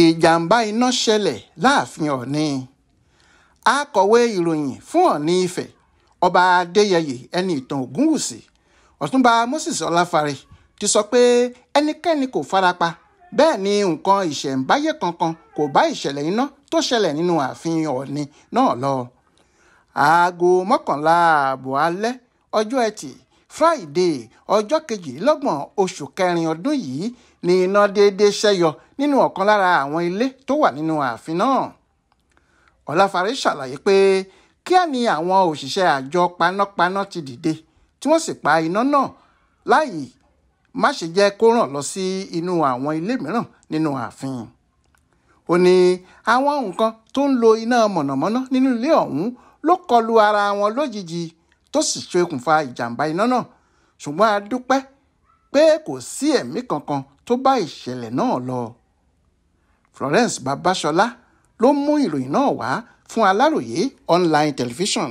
ìjàmbá iná ṣẹlẹ̀ láàfin ọ̀ni akọ̀wé ìròyìn fún ọ̀ni ifẹ̀ ọba adéyẹyè ẹni ìtàn ògúnwùsì ọ̀túnba moses ọláfárẹ̀ ti sọ pé ẹnikẹ́ni kò farapa bẹ́ẹ̀ ni nǹkan ìṣẹ̀ǹbáyé kankan kò bá ìṣẹ̀lẹ̀ iná tó ṣẹlẹ̀ nínú ààfin ọ̀ni náà lọ aago mọ́kànlá ààbọ̀ alẹ́ ọjọ́ ẹtì friday ọjọ́ kejìlélọ́gbọ̀n oṣù kẹrin ọdún yìí ni iná déédé ṣẹ́yọ nínú ọ̀kan lára àwọn ilé tó wà nínú ààfin náà ọláfarẹ́ ṣàlàyé pé kíá ni àwọn òṣìṣẹ́ àjọ panápaná ti dìde tí wọ́n sì pa iná náà láàyè má ṣe jẹ́ kó ràn lọ sí inú àwọn ilé mìíràn nínú ààfin ó ní àwọn nǹkan tó ń lo iná mọ̀nàmọ́ná nínú ilé ọ̀hún ló kọlu ara wọn lójijì tó sì ṣe ìjàmbá iná náà ṣùgbọ́n a dúpẹ́ pé kò sí ẹ̀mí kankan tó bá ìṣẹ̀lẹ̀ náà lọ. Florence Babasola ló mú ìròyìn náà wá fún Aláròyé online television.